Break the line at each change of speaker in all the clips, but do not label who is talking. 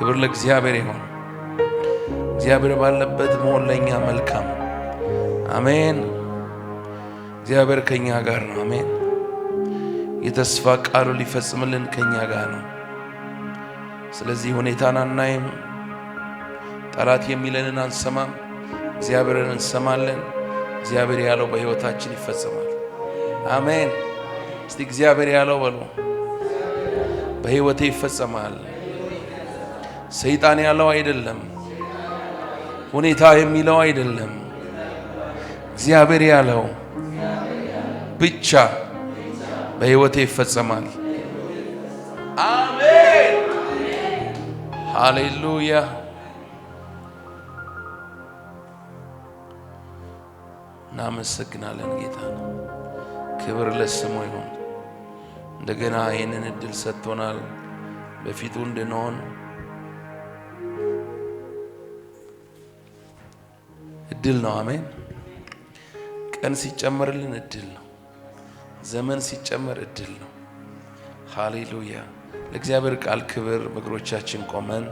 ክብር ለእግዚአብሔር ይሁን። እግዚአብሔር ባለበት መሆን ለእኛ መልካም። አሜን። እግዚአብሔር ከእኛ ጋር ነው። አሜን። የተስፋ ቃሉ ሊፈጽምልን ከእኛ ጋር ነው። ስለዚህ ሁኔታን አናይም። ጠላት የሚለንን አንሰማም። እግዚአብሔርን እንሰማለን። እግዚአብሔር ያለው በሕይወታችን ይፈጽማል። አሜን። እስቲ እግዚአብሔር ያለው በሉ፣ በሕይወቴ ይፈጸማል። ሰይጣን ያለው አይደለም፣ ሁኔታ የሚለው አይደለም፣ እግዚአብሔር ያለው ብቻ በሕይወቴ ይፈጸማል። አሜን፣ ሃሌሉያ። እናመሰግናለን ጌታ ነው። ክብር ለስሙ ይሁን። እንደገና ይህንን እድል ሰጥቶናል በፊቱ እንድንሆን እድል ነው። አሜን። ቀን ሲጨመርልን እድል ነው። ዘመን ሲጨመር እድል ነው። ሃሌሉያ። ለእግዚአብሔር ቃል ክብር። በእግሮቻችን ቆመን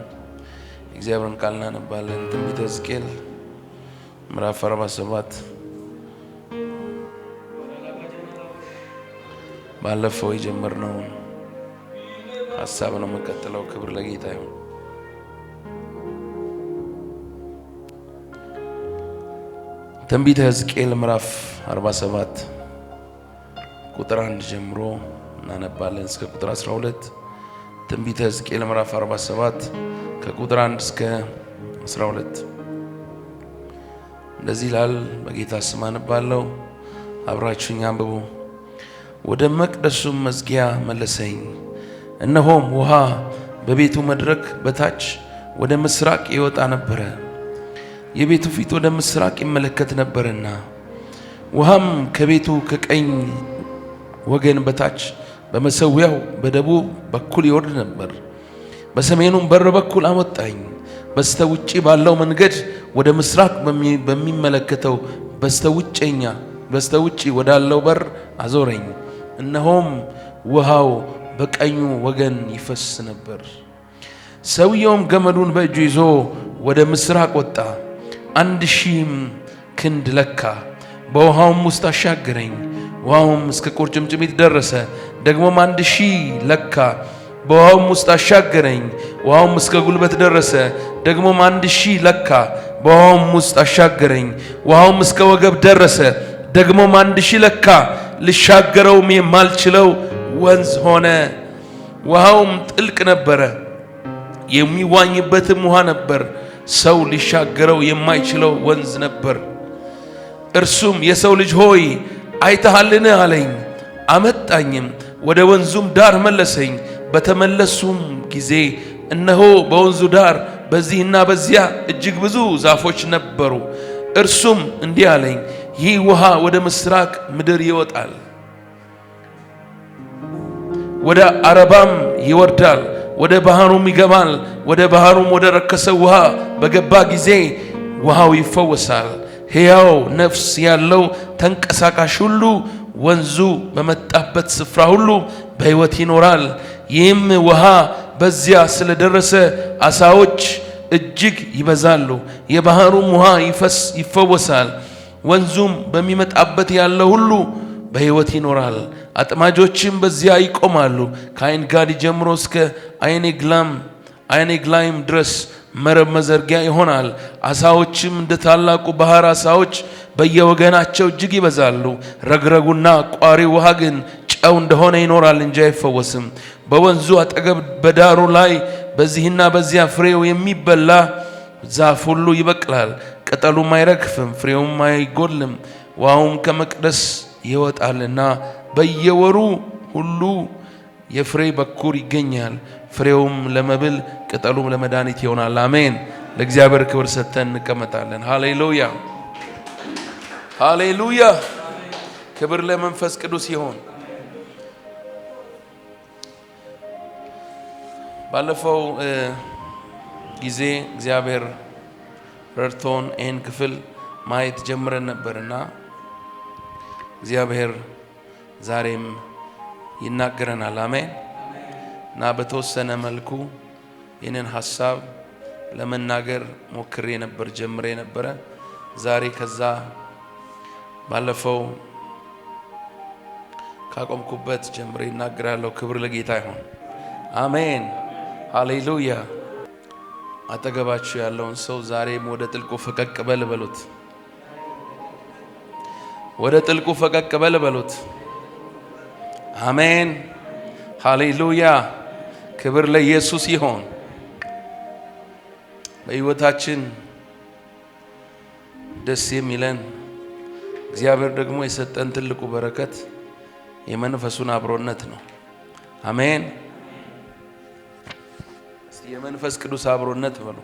እግዚአብሔርን ቃል እናነባለን። ትንቢተ ሕዝቅኤል ምዕራፍ 47 ባለፈው የጀመርነውን ሀሳብ ነው የምንቀጥለው። ክብር ለጌታ ይሁን። ትንቢተ ሕዝቅኤል ምዕራፍ 47 ቁጥር 1 ጀምሮ እናነባለን እስከ ቁጥር 12። ትንቢተ ሕዝቅኤል ምዕራፍ 47 ከቁጥር 1 እስከ 12 እንደዚህ ይላል። በጌታ ስም አነባለሁ፣ አብራችሁኝ አንብቡ። ወደ መቅደሱም መዝጊያ መለሰኝ፣ እነሆም ውሃ በቤቱ መድረክ በታች ወደ ምስራቅ ይወጣ ነበረ። የቤቱ ፊት ወደ ምስራቅ ይመለከት ነበርና ውሃም ከቤቱ ከቀኝ ወገን በታች በመሰዊያው በደቡብ በኩል ይወርድ ነበር። በሰሜኑም በር በኩል አወጣኝ። በስተ ውጪ ባለው መንገድ ወደ ምስራቅ በሚመለከተው በስተ ውጭኛ በስተ ውጪ ወዳለው በር አዞረኝ። እነሆም ውሃው በቀኙ ወገን ይፈስ ነበር። ሰውየውም ገመዱን በእጁ ይዞ ወደ ምስራቅ ወጣ። አንድ ሺህም ክንድ ለካ፣ በውሃውም ውስጥ አሻገረኝ። ውሃውም እስከ ቁርጭምጭሚት ደረሰ። ደግሞም አንድ ሺህ ለካ፣ በውሃውም ውስጥ አሻገረኝ። ውሃውም እስከ ጉልበት ደረሰ። ደግሞም አንድ ሺህ ለካ፣ በውሃውም ውስጥ አሻገረኝ። ውሃውም እስከ ወገብ ደረሰ። ደግሞም አንድ ሺህ ለካ፣ ልሻገረውም የማልችለው ወንዝ ሆነ። ውሃውም ጥልቅ ነበረ፣ የሚዋኝበትም ውሃ ነበር። ሰው ሊሻገረው የማይችለው ወንዝ ነበር። እርሱም የሰው ልጅ ሆይ አይተሃልን አለኝ። አመጣኝም፣ ወደ ወንዙም ዳር መለሰኝ። በተመለሱም ጊዜ እነሆ በወንዙ ዳር በዚህና በዚያ እጅግ ብዙ ዛፎች ነበሩ። እርሱም እንዲህ አለኝ፣ ይህ ውሃ ወደ ምስራቅ ምድር ይወጣል፣ ወደ አረባም ይወርዳል ወደ ባህሩም ይገባል። ወደ ባህሩም ወደ ረከሰ ውሃ በገባ ጊዜ ውሃው ይፈወሳል። ሕያው ነፍስ ያለው ተንቀሳቃሽ ሁሉ ወንዙ በመጣበት ስፍራ ሁሉ በሕይወት ይኖራል። ይህም ውሃ በዚያ ስለደረሰ አሳዎች እጅግ ይበዛሉ። የባህሩም ውሃ ይፈስ ይፈወሳል። ወንዙም በሚመጣበት ያለ ሁሉ በሕይወት ይኖራል። አጥማጆችም በዚያ ይቆማሉ። ከአይን ጋዲ ጀምሮ እስከ አይኔ ግላም አይኔ ግላይም ድረስ መረብ መዘርጊያ ይሆናል። አሳዎችም እንደ ታላቁ ባህር አሳዎች በየወገናቸው እጅግ ይበዛሉ። ረግረጉና ቋሪው ውሃ ግን ጨው እንደሆነ ይኖራል እንጂ አይፈወስም። በወንዙ አጠገብ በዳሩ ላይ በዚህና በዚያ ፍሬው የሚበላ ዛፍ ሁሉ ይበቅላል። ቅጠሉም አይረግፍም፣ ፍሬውም አይጎልም። ውሃውም ከመቅደስ ይወጣልና በየወሩ ሁሉ የፍሬ በኩር ይገኛል። ፍሬውም ለመብል ቅጠሉም ለመድኃኒት ይሆናል። አሜን። ለእግዚአብሔር ክብር ሰጥተን እንቀመጣለን። ሃሌሉያ ሃሌሉያ። ክብር ለመንፈስ ቅዱስ ይሆን። ባለፈው ጊዜ እግዚአብሔር ረድቶን ይህን ክፍል ማየት ጀምረን ነበርና እግዚአብሔር ዛሬም ይናገረናል። አሜን እና በተወሰነ መልኩ ይህንን ሀሳብ ለመናገር ሞክሬ ነበር፣ ጀምሬ ነበረ ዛሬ ከዛ ባለፈው ካቆምኩበት ጀምሬ ይናገራለሁ። ክብር ለጌታ ይሆን። አሜን ሃሌሉያ። አጠገባችሁ ያለውን ሰው ዛሬም ወደ ጥልቁ ፈቀቅ በል በሉት። ወደ ጥልቁ ፈቀቅ በል በሉት። አሜን ሃሌሉያ። ክብር ለኢየሱስ ይሆን። በሕይወታችን ደስ የሚለን እግዚአብሔር ደግሞ የሰጠን ትልቁ በረከት የመንፈሱን አብሮነት ነው። አሜን። የመንፈስ ቅዱስ አብሮነት በሉ።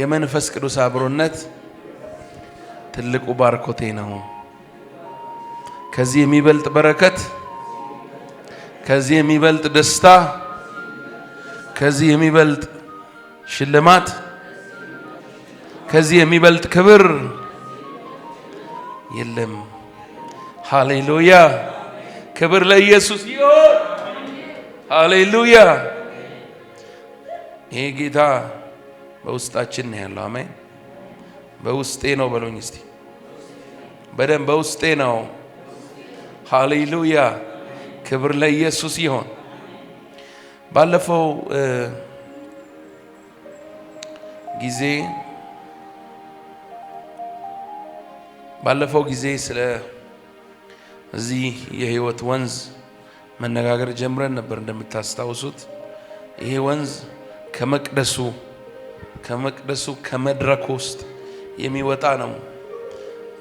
የመንፈስ ቅዱስ አብሮነት ትልቁ ባርኮቴ ነው። ከዚህ የሚበልጥ በረከት፣ ከዚህ የሚበልጥ ደስታ፣ ከዚህ የሚበልጥ ሽልማት፣ ከዚህ የሚበልጥ ክብር የለም። ሃሌሉያ! ክብር ለኢየሱስ ይሁን። ሃሌሉያ! ይሄ ጌታ በውስጣችን ነው ያለው። አሜን። በውስጤ ነው በሉኝ እስቲ በደንብ በውስጤ ነው። ሃሌሉያ ክብር ለኢየሱስ ይሆን። ባለፈው ጊዜ ባለፈው ጊዜ ስለ እዚህ የህይወት ወንዝ መነጋገር ጀምረን ነበር። እንደምታስታውሱት ይሄ ወንዝ ከመቅደሱ ከመቅደሱ ከመድረክ ውስጥ የሚወጣ ነው።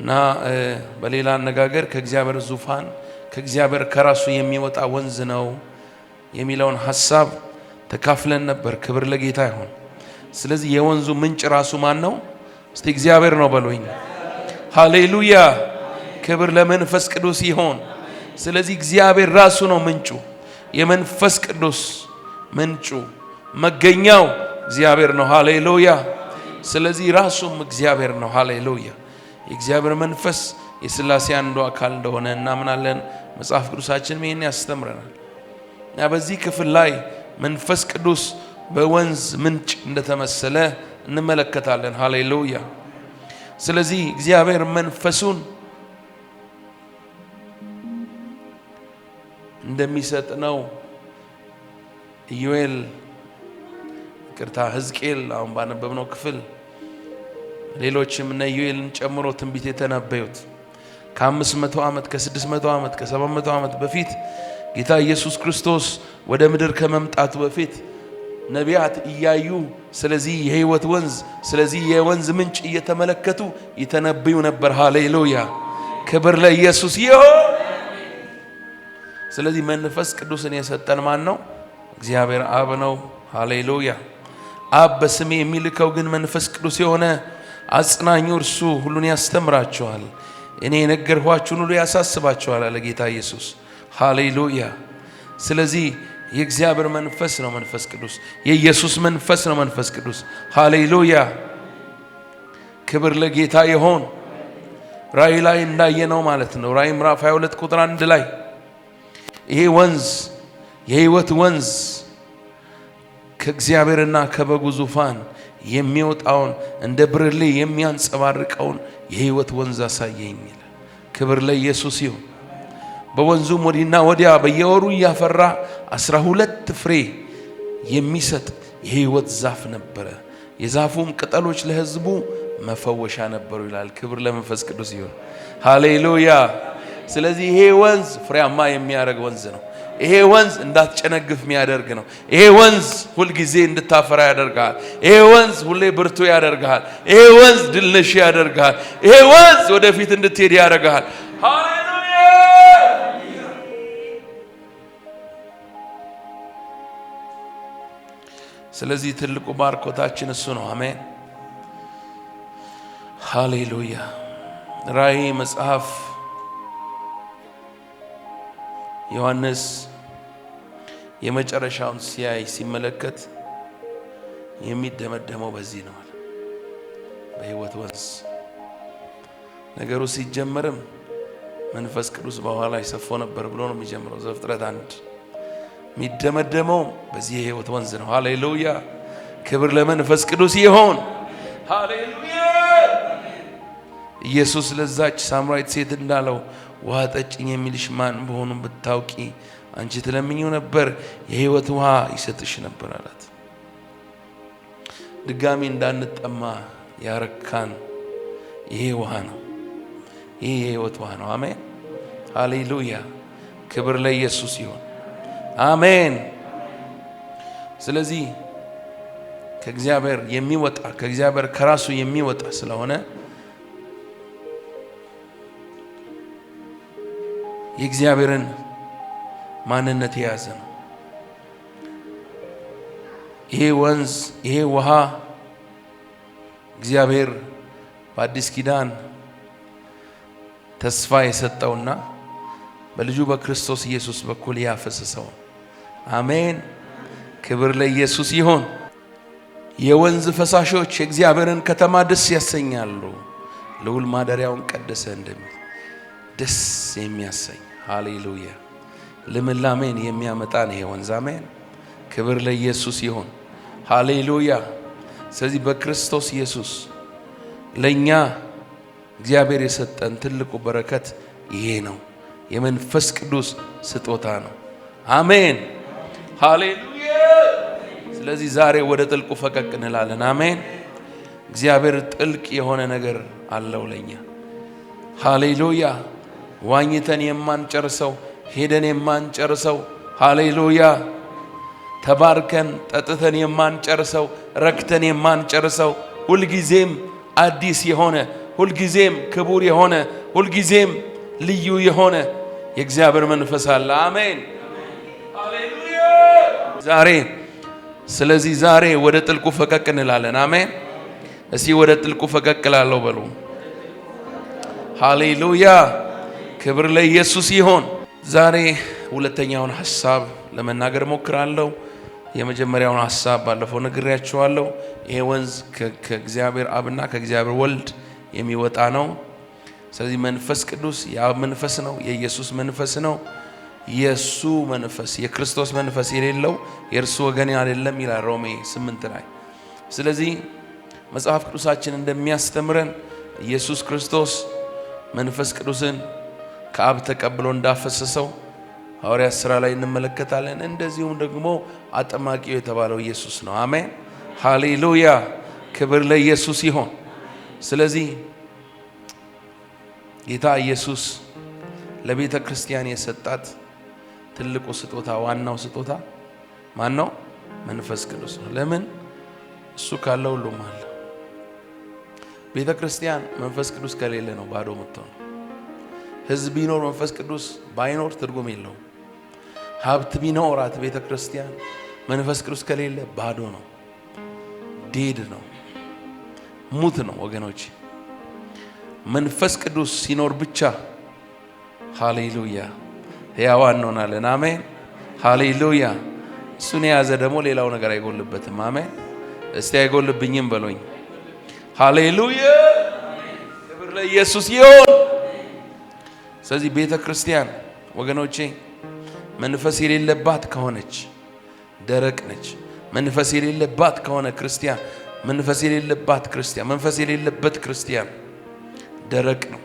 እና በሌላ አነጋገር ከእግዚአብሔር ዙፋን ከእግዚአብሔር ከራሱ የሚወጣ ወንዝ ነው የሚለውን ሀሳብ ተካፍለን ነበር። ክብር ለጌታ ይሁን። ስለዚህ የወንዙ ምንጭ ራሱ ማን ነው? እስቲ እግዚአብሔር ነው በሉኝ። ሃሌሉያ! ክብር ለመንፈስ ቅዱስ ይሆን። ስለዚህ እግዚአብሔር ራሱ ነው ምንጩ፣ የመንፈስ ቅዱስ ምንጩ መገኛው እግዚአብሔር ነው። ሃሌሉያ! ስለዚህ ራሱም እግዚአብሔር ነው። ሃሌሉያ! የእግዚአብሔር መንፈስ የስላሴ አንዱ አካል እንደሆነ እናምናለን። መጽሐፍ ቅዱሳችን ይህን ያስተምረናል እና በዚህ ክፍል ላይ መንፈስ ቅዱስ በወንዝ ምንጭ እንደተመሰለ እንመለከታለን። ሃሌሉያ! ስለዚህ እግዚአብሔር መንፈሱን እንደሚሰጥ ነው። ኢዩኤል ቅርታ ሕዝቅኤል አሁን ባነበብነው ክፍል ሌሎችም እነ ዩኤልን ጨምሮ ትንቢት የተነበዩት ከአምስት መቶ ዓመት ከስድስት መቶ ዓመት ከሰባት መቶ ዓመት በፊት ጌታ ኢየሱስ ክርስቶስ ወደ ምድር ከመምጣቱ በፊት ነቢያት እያዩ ስለዚህ የህይወት ወንዝ ስለዚህ የወንዝ ምንጭ እየተመለከቱ ይተነብዩ ነበር። ሃሌሉያ ክብር ለኢየሱስ ይሁን። ስለዚህ መንፈስ ቅዱስን የሰጠን ማን ነው? እግዚአብሔር አብ ነው። ሃሌሉያ አብ በስሜ የሚልከው ግን መንፈስ ቅዱስ የሆነ አጽናኙ እርሱ ሁሉን ያስተምራችኋል፣ እኔ የነገርኋችሁን ሁሉ ያሳስባችኋል አለ ጌታ ኢየሱስ። ሃሌሉያ! ስለዚህ የእግዚአብሔር መንፈስ ነው መንፈስ ቅዱስ፣ የኢየሱስ መንፈስ ነው መንፈስ ቅዱስ። ሃሌሉያ! ክብር ለጌታ ይሆን። ራእይ ላይ እንዳየነው ማለት ነው። ራእይ ምዕራፍ 22 ቁጥር 1 ላይ ይሄ ወንዝ የህይወት ወንዝ ከእግዚአብሔርና ከበጉ ዙፋን የሚወጣውን እንደ ብርሌ የሚያንጸባርቀውን የህይወት ወንዝ አሳየኝ ይላል። ክብር ለኢየሱስ ይሁን። በወንዙም ወዲና ወዲያ በየወሩ እያፈራ አስራ ሁለት ፍሬ የሚሰጥ የህይወት ዛፍ ነበረ። የዛፉም ቅጠሎች ለህዝቡ መፈወሻ ነበሩ ይላል። ክብር ለመንፈስ ቅዱስ ይሁን። ሃሌሉያ። ስለዚህ ይሄ ወንዝ ፍሬያማ የሚያደርግ ወንዝ ነው። ይሄ ወንዝ እንዳትጨነግፍ የሚያደርግ ነው። ይሄ ወንዝ ሁልጊዜ እንድታፈራ ያደርግሃል። ይሄ ወንዝ ሁሌ ብርቱ ያደርግሃል። ይሄ ወንዝ ድልነሽ ያደርጋል ያደርግሃል። ይሄ ወንዝ ወደፊት እንድትሄድ ያደርግሃል። ስለዚህ ትልቁ ማርኮታችን እሱ ነው። አሜን፣ ሃሌሉያ። ራእይ መጽሐፍ ዮሐንስ የመጨረሻውን ሲያይ ሲመለከት የሚደመደመው በዚህ ነው በህይወት ወንዝ ነገሩ ሲጀመርም መንፈስ ቅዱስ በኋላ ይሰፎ ነበር ብሎ ነው የሚጀምረው ዘፍጥረት አንድ። የሚደመደመው በዚህ የህይወት ወንዝ ነው። ሃሌሉያ! ክብር ለመንፈስ ቅዱስ ይሆን። ሃሌሉያ! ኢየሱስ ለዛች ሳምራዊት ሴት እንዳለው ውሃ ጠጭኝ የሚልሽ ማን በሆኑ ብታውቂ አንቺ ትለምኝው ነበር፣ የህይወት ውሃ ይሰጥሽ ነበር አላት። ድጋሚ እንዳንጠማ ያረካን ይሄ ውሃ ነው። ይሄ የሕይወት ውሃ ነው። አሜን፣ ሃሌሉያ። ክብር ለኢየሱስ ይሆን። አሜን። ስለዚህ ከእግዚአብሔር የሚወጣ ከእግዚአብሔር ከራሱ የሚወጣ ስለሆነ የእግዚአብሔርን ማንነት የያዘ ነው። ይሄ ወንዝ ይሄ ውሃ እግዚአብሔር በአዲስ ኪዳን ተስፋ የሰጠውና በልጁ በክርስቶስ ኢየሱስ በኩል ያፈሰሰው። አሜን። ክብር ለኢየሱስ ይሆን። የወንዝ ፈሳሾች የእግዚአብሔርን ከተማ ደስ ያሰኛሉ፣ ልዑል ማደሪያውን ቀደሰ እንደሚል ደስ የሚያሰኝ ሃሌሉያ። ልምላሜን የሚያመጣን ይሄ ወንዝ አሜን። ክብር ለኢየሱስ ይሁን። ሃሌሉያ። ስለዚህ በክርስቶስ ኢየሱስ ለእኛ እግዚአብሔር የሰጠን ትልቁ በረከት ይሄ ነው። የመንፈስ ቅዱስ ስጦታ ነው። አሜን ሃሌሉያ። ስለዚህ ዛሬ ወደ ጥልቁ ፈቀቅ እንላለን። አሜን። እግዚአብሔር ጥልቅ የሆነ ነገር አለው ለእኛ። ሃሌሉያ ዋኝተን የማንጨርሰው ሄደን የማንጨርሰው ሃሌሉያ ተባርከን ጠጥተን የማንጨርሰው ረክተን የማንጨርሰው ሁልጊዜም አዲስ የሆነ ሁልጊዜም ክቡር የሆነ ሁልጊዜም ልዩ የሆነ የእግዚአብሔር መንፈስ አለ። አሜን። ዛሬ ስለዚህ ዛሬ ወደ ጥልቁ ፈቀቅ እንላለን። አሜን። እስኪ ወደ ጥልቁ ፈቀቅ እላለሁ በሉ። ሃሌሉያ ክብር ለኢየሱስ ይሆን። ዛሬ ሁለተኛውን ሀሳብ ለመናገር ሞክራለሁ። የመጀመሪያውን ሀሳብ ባለፈው ነግሬያችኋለሁ። ይሄ ወንዝ ከእግዚአብሔር አብና ከእግዚአብሔር ወልድ የሚወጣ ነው። ስለዚህ መንፈስ ቅዱስ የአብ መንፈስ ነው፣ የኢየሱስ መንፈስ ነው። የእሱ መንፈስ የክርስቶስ መንፈስ የሌለው የእርሱ ወገን አይደለም ይላል ሮሜ ስምንት ላይ። ስለዚህ መጽሐፍ ቅዱሳችን እንደሚያስተምረን ኢየሱስ ክርስቶስ መንፈስ ቅዱስን ከአብ ተቀብሎ እንዳፈሰሰው ሐዋርያት ሥራ ላይ እንመለከታለን። እንደዚሁም ደግሞ አጠማቂው የተባለው ኢየሱስ ነው። አሜን ሃሌሉያ፣ ክብር ለኢየሱስ ይሆን። ስለዚህ ጌታ ኢየሱስ ለቤተ ክርስቲያን የሰጣት ትልቁ ስጦታ ዋናው ስጦታ ማን ነው? መንፈስ ቅዱስ ነው። ለምን? እሱ ካለ ሁሉም አለ። ቤተ ክርስቲያን መንፈስ ቅዱስ ከሌለ ነው ባዶ ምትሆነው። ህዝብ ቢኖር መንፈስ ቅዱስ ባይኖር ትርጉም የለውም። ሀብት ቢኖራት ቤተ ክርስቲያን መንፈስ ቅዱስ ከሌለ ባዶ ነው፣ ዴድ ነው፣ ሙት ነው። ወገኖች መንፈስ ቅዱስ ሲኖር ብቻ ሃሌሉያ ሕያዋን እንሆናለን። አሜን ሃሌሉያ። እሱን የያዘ ደግሞ ሌላው ነገር አይጎልበትም። አሜን እስቲ አይጎልብኝም በሎኝ። ሃሌሉያ ክብር ለኢየሱስ ይሆን። ስለዚህ ቤተ ክርስቲያን ወገኖቼ መንፈስ የሌለባት ከሆነች ደረቅ ነች። መንፈስ የሌለባት ከሆነ ክርስቲያን መንፈስ የሌለባት ክርስቲያን መንፈስ የሌለበት ክርስቲያን ደረቅ ነው።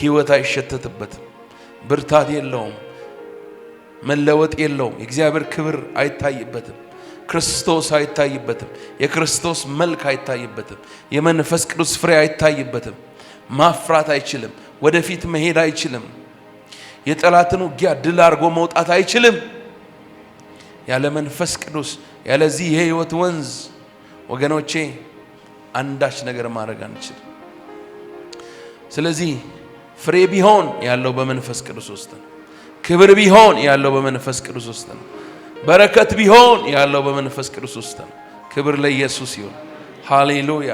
ሕይወት አይሸተትበትም። ብርታት የለውም። መለወጥ የለውም። የእግዚአብሔር ክብር አይታይበትም። ክርስቶስ አይታይበትም። የክርስቶስ መልክ አይታይበትም። የመንፈስ ቅዱስ ፍሬ አይታይበትም። ማፍራት አይችልም። ወደፊት መሄድ አይችልም። የጠላትን ውጊያ ድል አድርጎ መውጣት አይችልም። ያለ መንፈስ ቅዱስ ያለዚህ የህይወት ወንዝ ወገኖቼ አንዳች ነገር ማድረግ አንችል። ስለዚህ ፍሬ ቢሆን ያለው በመንፈስ ቅዱስ ውስጥ ነው። ክብር ቢሆን ያለው በመንፈስ ቅዱስ ውስጥ ነው። በረከት ቢሆን ያለው በመንፈስ ቅዱስ ውስጥ ነው። ክብር ለኢየሱስ ይሁን። ሃሌሉያ።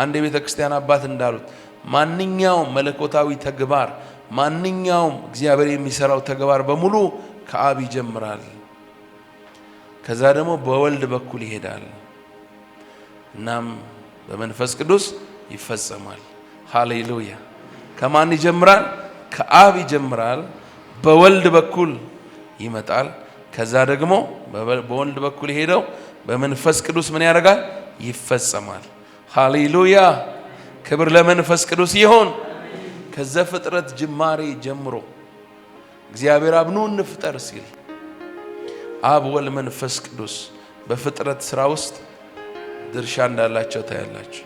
አንድ የቤተ ክርስቲያን አባት እንዳሉት ማንኛውም መለኮታዊ ተግባር ማንኛውም እግዚአብሔር የሚሰራው ተግባር በሙሉ ከአብ ይጀምራል። ከዛ ደግሞ በወልድ በኩል ይሄዳል፣ እናም በመንፈስ ቅዱስ ይፈጸማል። ሃሌሉያ! ከማን ይጀምራል? ከአብ ይጀምራል፣ በወልድ በኩል ይመጣል። ከዛ ደግሞ በወልድ በኩል ሄደው በመንፈስ ቅዱስ ምን ያደርጋል? ይፈጸማል። ሃሌሉያ! ክብር ለመንፈስ ቅዱስ ይሆን። ከዘ ፍጥረት ጅማሬ ጀምሮ እግዚአብሔር አብ ኑ እንፍጠር ሲል አብ ወልድ መንፈስ ቅዱስ በፍጥረት ስራ ውስጥ ድርሻ እንዳላቸው ታያላቸው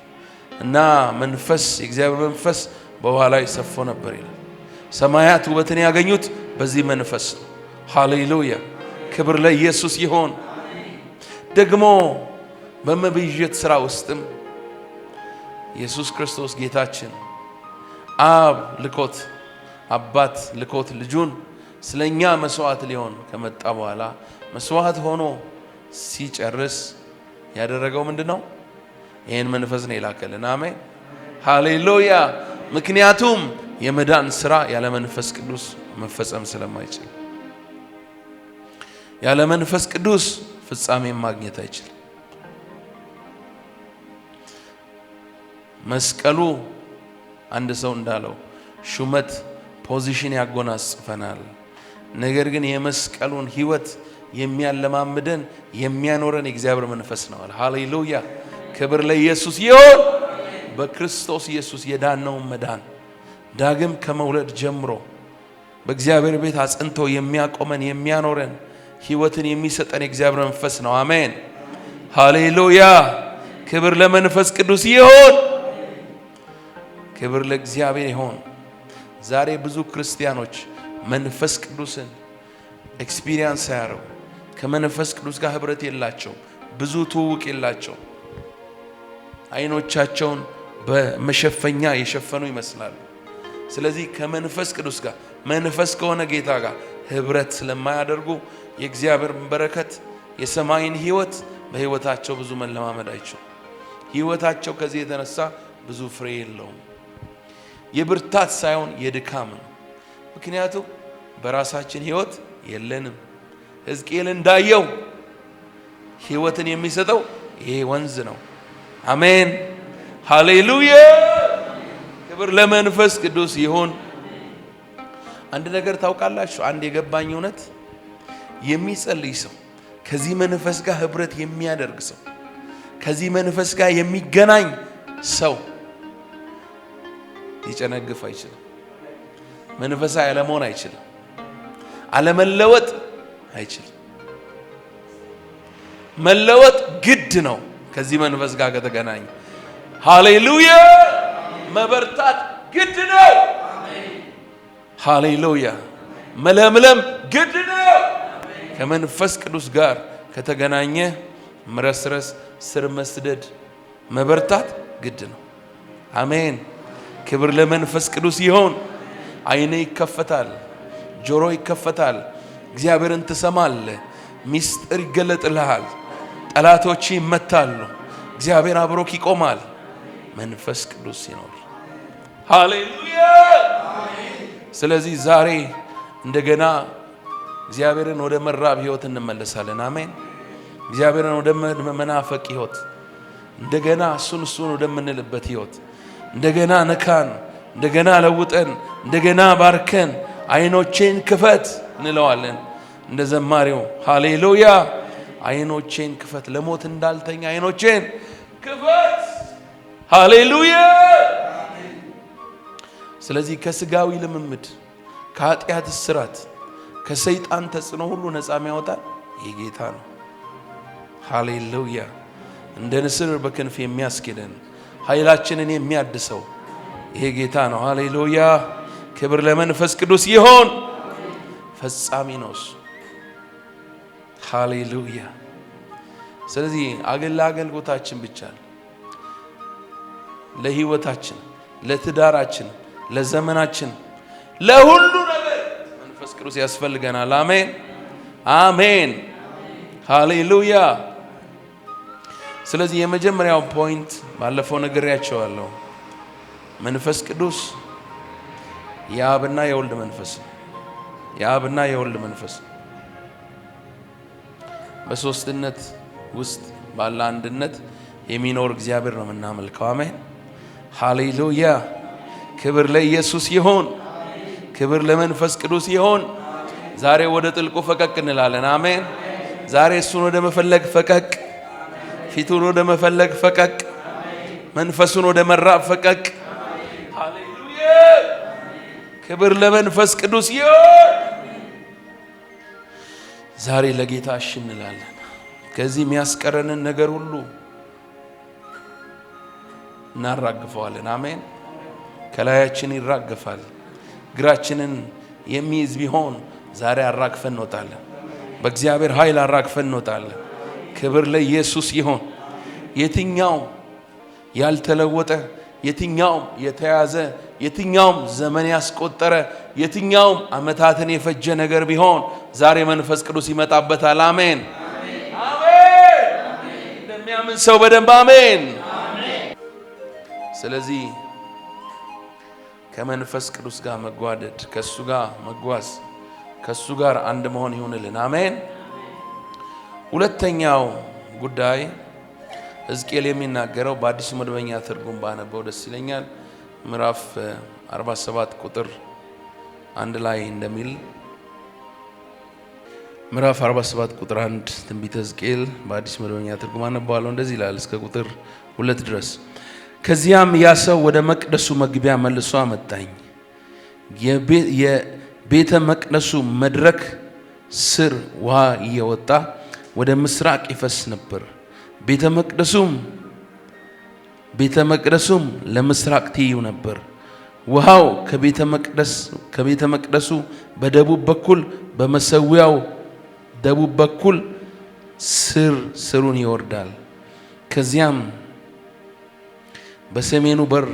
እና መንፈስ የእግዚአብሔር መንፈስ በውሃ ላይ ሰፎ ነበር ይላል። ሰማያት ውበትን ያገኙት በዚህ መንፈስ ነው። ሃሌሉያ! ክብር ለኢየሱስ ይሆን። ደግሞ በመቤዠት ስራ ውስጥም ኢየሱስ ክርስቶስ ጌታችን አብ ልኮት አባት ልኮት ልጁን ስለኛ መስዋዕት ሊሆን ከመጣ በኋላ መስዋዕት ሆኖ ሲጨርስ ያደረገው ምንድን ነው? ይህን መንፈስ ነው የላከልን። አሜን ሃሌሉያ። ምክንያቱም የመዳን ስራ ያለ መንፈስ ቅዱስ መፈጸም ስለማይችል፣ ያለ መንፈስ ቅዱስ ፍጻሜ ማግኘት አይችልም። መስቀሉ አንድ ሰው እንዳለው ሹመት ፖዚሽን ያጎናጽፈናል። ነገር ግን የመስቀሉን ህይወት የሚያለማምደን የሚያኖረን የእግዚአብሔር መንፈስ ነው። ሃሌሉያ! ክብር ለኢየሱስ ይሁን። በክርስቶስ ኢየሱስ የዳነውን መዳን ዳግም ከመውለድ ጀምሮ በእግዚአብሔር ቤት አጽንቶ የሚያቆመን የሚያኖረን ህይወትን የሚሰጠን የእግዚአብሔር መንፈስ ነው። አሜን! ሃሌሉያ! ክብር ለመንፈስ ቅዱስ ይሁን። ክብር ለእግዚአብሔር ይሆን። ዛሬ ብዙ ክርስቲያኖች መንፈስ ቅዱስን ኤክስፒሪየንስ አያረው፣ ከመንፈስ ቅዱስ ጋር ህብረት የላቸው፣ ብዙ ትውውቅ የላቸው። አይኖቻቸውን በመሸፈኛ የሸፈኑ ይመስላሉ። ስለዚህ ከመንፈስ ቅዱስ ጋር መንፈስ ከሆነ ጌታ ጋር ህብረት ስለማያደርጉ የእግዚአብሔርን በረከት የሰማይን ህይወት በህይወታቸው ብዙ መለማመድ አይችሉ። ህይወታቸው ከዚህ የተነሳ ብዙ ፍሬ የለውም። የብርታት ሳይሆን የድካም ነው። ምክንያቱም በራሳችን ህይወት የለንም። ሕዝቅኤል እንዳየው ህይወትን የሚሰጠው ይሄ ወንዝ ነው። አሜን፣ ሃሌሉያ። ክብር ለመንፈስ ቅዱስ ይሁን። አንድ ነገር ታውቃላችሁ፣ አንድ የገባኝ እውነት የሚጸልይ ሰው ከዚህ መንፈስ ጋር ህብረት የሚያደርግ ሰው ከዚህ መንፈስ ጋር የሚገናኝ ሰው ሊጨነግፍ አይችልም። መንፈሳዊ አለመሆን አይችልም። አለመለወጥ አይችልም። መለወጥ ግድ ነው። ከዚህ መንፈስ ጋር ከተገናኘ ሃሌሉያ፣ መበርታት ግድ ነው። ሃሌሉያ፣ መለምለም ግድ ነው። ከመንፈስ ቅዱስ ጋር ከተገናኘ መረስረስ፣ ስር መስደድ፣ መበርታት ግድ ነው። አሜን። ክብር ለመንፈስ ቅዱስ ይሆን። አይነ ይከፈታል፣ ጆሮ ይከፈታል፣ እግዚአብሔርን ትሰማለ፣ ሚስጥር ይገለጥልሃል፣ ጠላቶች ይመታሉ፣ እግዚአብሔር አብሮክ ይቆማል። መንፈስ ቅዱስ ሲኖር ሃሌሉያ። ስለዚህ ዛሬ እንደገና እግዚአብሔርን ወደ መራብ ህይወት እንመለሳለን። አሜን። እግዚአብሔርን ወደ መናፈቅ ህይወት እንደገና እሱን እሱን ወደምንልበት ህይወት እንደገና ንካን፣ እንደገና ለውጠን፣ እንደገና ባርከን፣ አይኖቼን ክፈት እንለዋለን። እንደ ዘማሪው ሃሌሉያ አይኖቼን ክፈት፣ ለሞት እንዳልተኛ አይኖቼን ክፈት። ሃሌሉያ። ስለዚህ ከስጋዊ ልምምድ፣ ከኃጢአት እስራት፣ ከሰይጣን ተጽዕኖ ሁሉ ነፃ የሚያወጣን ይህ ጌታ ነው። ሃሌሉያ። እንደ ንስር በክንፍ የሚያስኬደን ኃይላችንን የሚያድሰው ይሄ ጌታ ነው። ሃሌሉያ! ክብር ለመንፈስ ቅዱስ ይሆን። ፈጻሚ ነው እሱ። ሃሌሉያ! ስለዚህ ለአገልግሎታችን ብቻ ለህይወታችን፣ ለትዳራችን፣ ለዘመናችን፣ ለሁሉ ነገር መንፈስ ቅዱስ ያስፈልገናል። አሜን አሜን። ሃሌሉያ! ስለዚህ የመጀመሪያው ፖይንት ባለፈው ነግሬያቸዋለሁ። መንፈስ ቅዱስ የአብና የወልድ መንፈስ የአብና የወልድ መንፈስ በሶስትነት ውስጥ ባለ አንድነት የሚኖር እግዚአብሔር ነው የምናመልከው። አሜን፣ ሃሌሉያ። ክብር ለኢየሱስ ይሆን፣ ክብር ለመንፈስ ቅዱስ ይሆን። ዛሬ ወደ ጥልቁ ፈቀቅ እንላለን። አሜን። ዛሬ እሱን ወደ መፈለግ ፈቀቅ ፊቱን ወደ መፈለግ ፈቀቅ፣ መንፈሱን ወደ መራብ ፈቀቅ። ክብር ለመንፈስ ቅዱስ ይሁን። ዛሬ ለጌታ እሺ እንላለን። ከዚህ የሚያስቀረንን ነገር ሁሉ እናራግፈዋለን። አሜን። ከላያችን ይራግፋል። እግራችንን የሚይዝ ቢሆን ዛሬ አራግፈን እንወጣለን። በእግዚአብሔር ኃይል አራግፈን እንወጣለን። ክብር ለኢየሱስ ይሆን። የትኛውም ያልተለወጠ የትኛውም የተያዘ የትኛውም ዘመን ያስቆጠረ የትኛውም ዓመታትን የፈጀ ነገር ቢሆን ዛሬ መንፈስ ቅዱስ ይመጣበታል። አሜን አሜን። እንደሚያምን ሰው በደንብ አሜን። ስለዚህ ከመንፈስ ቅዱስ ጋር መጓደድ፣ ከእሱ ጋር መጓዝ፣ ከእሱ ጋር አንድ መሆን ይሁንልን። አሜን። ሁለተኛው ጉዳይ ሕዝቅኤል የሚናገረው በአዲሱ መደበኛ ትርጉም ባነበው ደስ ይለኛል። ምዕራፍ 47 ቁጥር አንድ ላይ እንደሚል ምዕራፍ 47 ቁጥር 1 ትንቢተ ሕዝቅኤል በአዲስ መደበኛ ትርጉም አነባዋለሁ። እንደዚህ ይላል እስከ ቁጥር ሁለት ድረስ። ከዚያም ያ ሰው ወደ መቅደሱ መግቢያ መልሶ አመጣኝ። የቤተ መቅደሱ መድረክ ስር ውሃ እየወጣ ወደ ምስራቅ ይፈስ ነበር። ቤተ መቅደሱም ቤተ መቅደሱም ለምስራቅ ትይዩ ነበር። ውሃው ከቤተ መቅደሱ በደቡብ በኩል በመሰዊያው ደቡብ በኩል ስር ስሩን ይወርዳል። ከዚያም በሰሜኑ በር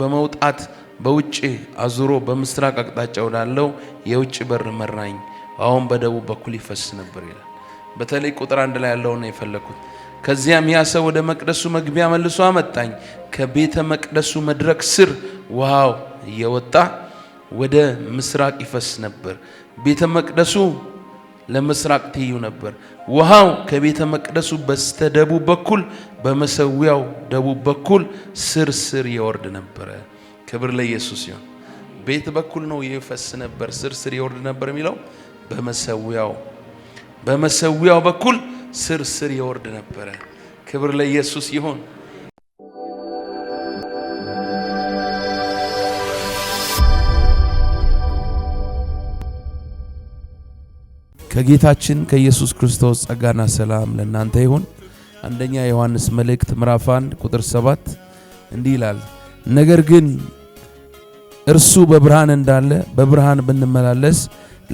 በመውጣት በውጭ አዙሮ በምስራቅ አቅጣጫ ወዳለው የውጭ በር መራኝ። አሁን በኩል ይፈስ ነበር ይላል። በተለይ ቁጥር አንድ ላይ ነው የፈለኩት ከዚያም ያ ሰው ወደ መቅደሱ መግቢያ መልሶ አመጣኝ። ከቤተ መቅደሱ መድረክ ስር ውሃው እየወጣ ወደ ምስራቅ ይፈስ ነበር። ቤተ መቅደሱ ለምስራቅ ትይዩ ነበር። ውሃው ከቤተ መቅደሱ በስተ ደቡብ በኩል በመሰዊያው ደቡብ በኩል ስር ስር ይወርድ ነበረ። ክብር ለኢየሱስ ይሁን። ቤት በኩል ነው ይፈስ ነበር፣ ስር ስር ይወርድ ነበር የሚለው በመሰዊያው በመሰዊያው በኩል ስር ስር ይወርድ ነበረ። ክብር ለኢየሱስ ይሁን። ከጌታችን ከኢየሱስ ክርስቶስ ጸጋና ሰላም ለእናንተ ይሁን። አንደኛ ዮሐንስ መልእክት ምዕራፍ 1 ቁጥር 7 እንዲህ ይላል፣ ነገር ግን እርሱ በብርሃን እንዳለ በብርሃን ብንመላለስ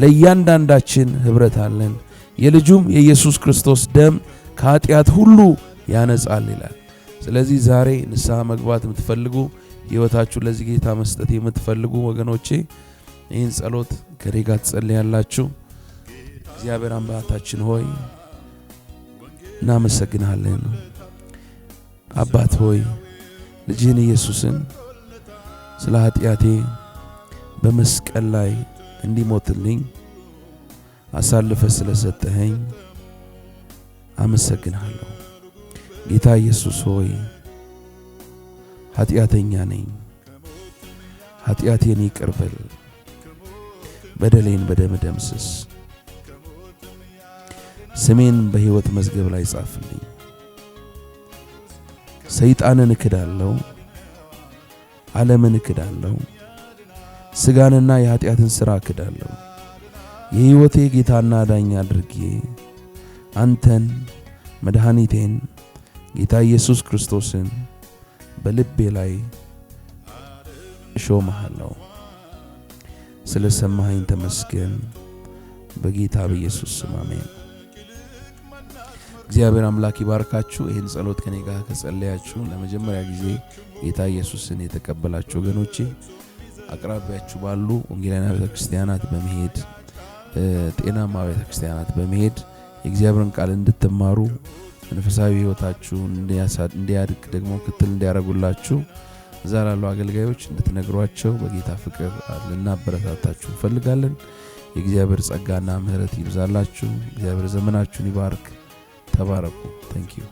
ለእያንዳንዳችን ኅብረት አለን። የልጁም የኢየሱስ ክርስቶስ ደም ከኃጢአት ሁሉ ያነጻል ይላል። ስለዚህ ዛሬ ንስሐ መግባት የምትፈልጉ ሕይወታችሁ ለዚህ ጌታ መስጠት የምትፈልጉ ወገኖቼ ይህን ጸሎት ከኔ ጋር ትጸልያላችሁ። እግዚአብሔር አባታችን ሆይ እናመሰግንሃለን። አባት ሆይ ልጅህን ኢየሱስን ስለ ኃጢአቴ በመስቀል ላይ እንዲሞትልኝ አሳልፈ ስለሰጠኸኝ አመሰግንሃለሁ። ጌታ ኢየሱስ ሆይ ኃጢአተኛ ነኝ፣ ኃጢአቴን ይቅር በል፣ በደሌን በደም ደምስስ፣ ስሜን በሕይወት መዝገብ ላይ ጻፍልኝ። ሰይጣንን እክዳለሁ፣ ዓለምን እክዳለሁ። ሥጋንና የኀጢአትን ሥራ ክዳለሁ። የሕይወቴ ጌታና ዳኛ አድርጌ አንተን መድኃኒቴን ጌታ ኢየሱስ ክርስቶስን በልቤ ላይ እሾመሃለሁ። ስለ ሰማኸኝ ተመስገን። በጌታ በኢየሱስ ስም አሜን። እግዚአብሔር አምላክ ይባርካችሁ። ይህን ጸሎት ከኔ ጋር ከጸለያችሁ ለመጀመሪያ ጊዜ ጌታ ኢየሱስን የተቀበላችሁ ወገኖቼ አቅራቢያችሁ ባሉ ወንጌላውያን ቤተክርስቲያናት በመሄድ ጤናማ ቤተክርስቲያናት በመሄድ የእግዚአብሔርን ቃል እንድትማሩ መንፈሳዊ ህይወታችሁ እንዲያድግ ደግሞ ክትል እንዲያደርጉላችሁ እዛ ላሉ አገልጋዮች እንድትነግሯቸው በጌታ ፍቅር ልናበረታታችሁ እንፈልጋለን። የእግዚአብሔር ጸጋና ምሕረት ይብዛላችሁ። እግዚአብሔር ዘመናችሁን ይባርክ። ተባረኩ። ታንኪዩ